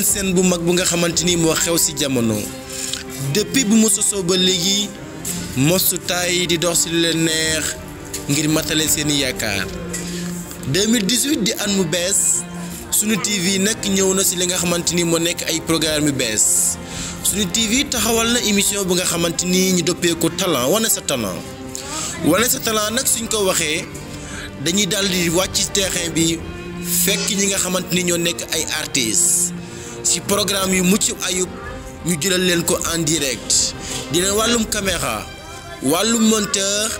seen bu mag bu nga xamante ni moo xew ci jamono depuis bu mu sosoo ba léegi mosu taay di dox ci leen neex ngir matale seeni yaakaar 2018 di at mu bees sunu TV nag ñëw na si li nga xamante ni moo nekk ay programme yu bees sunu TV taxawal na émission bu nga xamante ni ñu doppee ko talent wane sa talent wane sa talent nag suñ ko waxee dañuy daal di wàcc terrain bi fekk ñi nga xamante ni ñoo nekk ay artistes si programme yu mucc ayub ñu jëlal leen ko en direct dina wàllum caméra wàllum monteur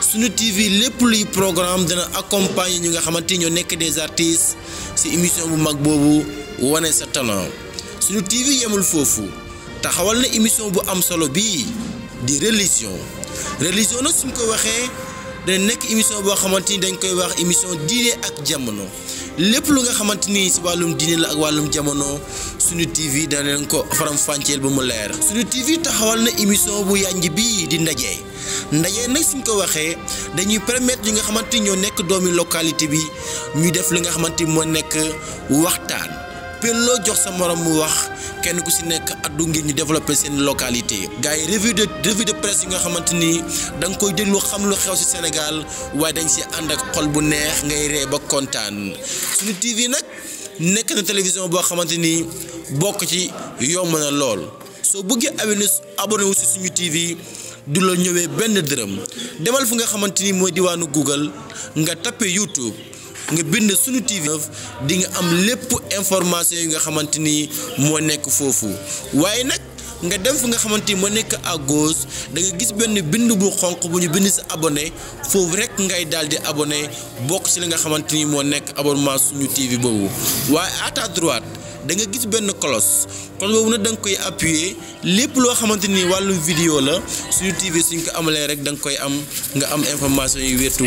suñu TV lépp luy programme dana accompagner ñi nga xamante ñoo nekk des artistes si émission bu mag boobu wane sa talent suñu TV yemul foofu taxawal na émission bu am solo bii di religion religion nag suñ ko waxee dana nekk émission boo xamante ni dañ koy wax émission diine ak jamono lépp lu nga xamante ni si wàllum diine la ak wàllum jamono suñu TV dana leen ko faram fàcceel ba mu leer suñu TV taxawal na émission bu yànj bii di ndaje ndajee nag suñ ko waxee dañuy permettre ñi nga xamante ñoo nekk doomi localité bi ñu def li nga xamante moo nekk waxtaan pelloo jox sa morom mu wax. kenn ku ci nekk addu ngir ñu développer seen localité gars yi revue de revue de presse yi nga xamante ni da nga koy déglu xam lu xew si senegal waaye dañ si ànd ak xol bu neex ngay ree ba kontaan suñu TV nag nekk na télévision boo xamante ni bokk ci yomb na lool soo bëggee abonné abonné wu si suñu TV du la ñëwee benn dërëm demal fu nga xamante ni mooy diwaanu Google nga tappe YouTube. nga bind suñu TV di nga am lépp information yi nga xamante ni moo nekk foofu waaye nag nga def fu nga xamante ni ma nekk à gauche da nga gis benn bind bu xonq bu ñu bind si abonné foofu rek ngay daal di abonné bokk si li nga xamante ni moo nekk abonnement suñu TV boobu waaye à ta da nga gis benn cloche cloche boobu nag da koy appuyer lépp loo xamante ni wàllu vidéo la suñu TV suñ ko amalee rek danga koy am nga am information yu wér te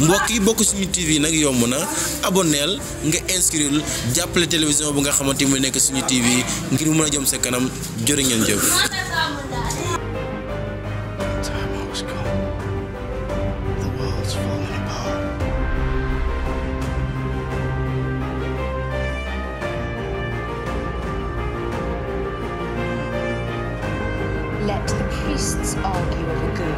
mbokk yi bokk suñu TV nag yomb na abonneel nga inscrire jàppale télévision bu nga xamante ni mu nekk suñu TV ngir mën a jëm sa kanam jërë ngeen jëf. the priests argue over good.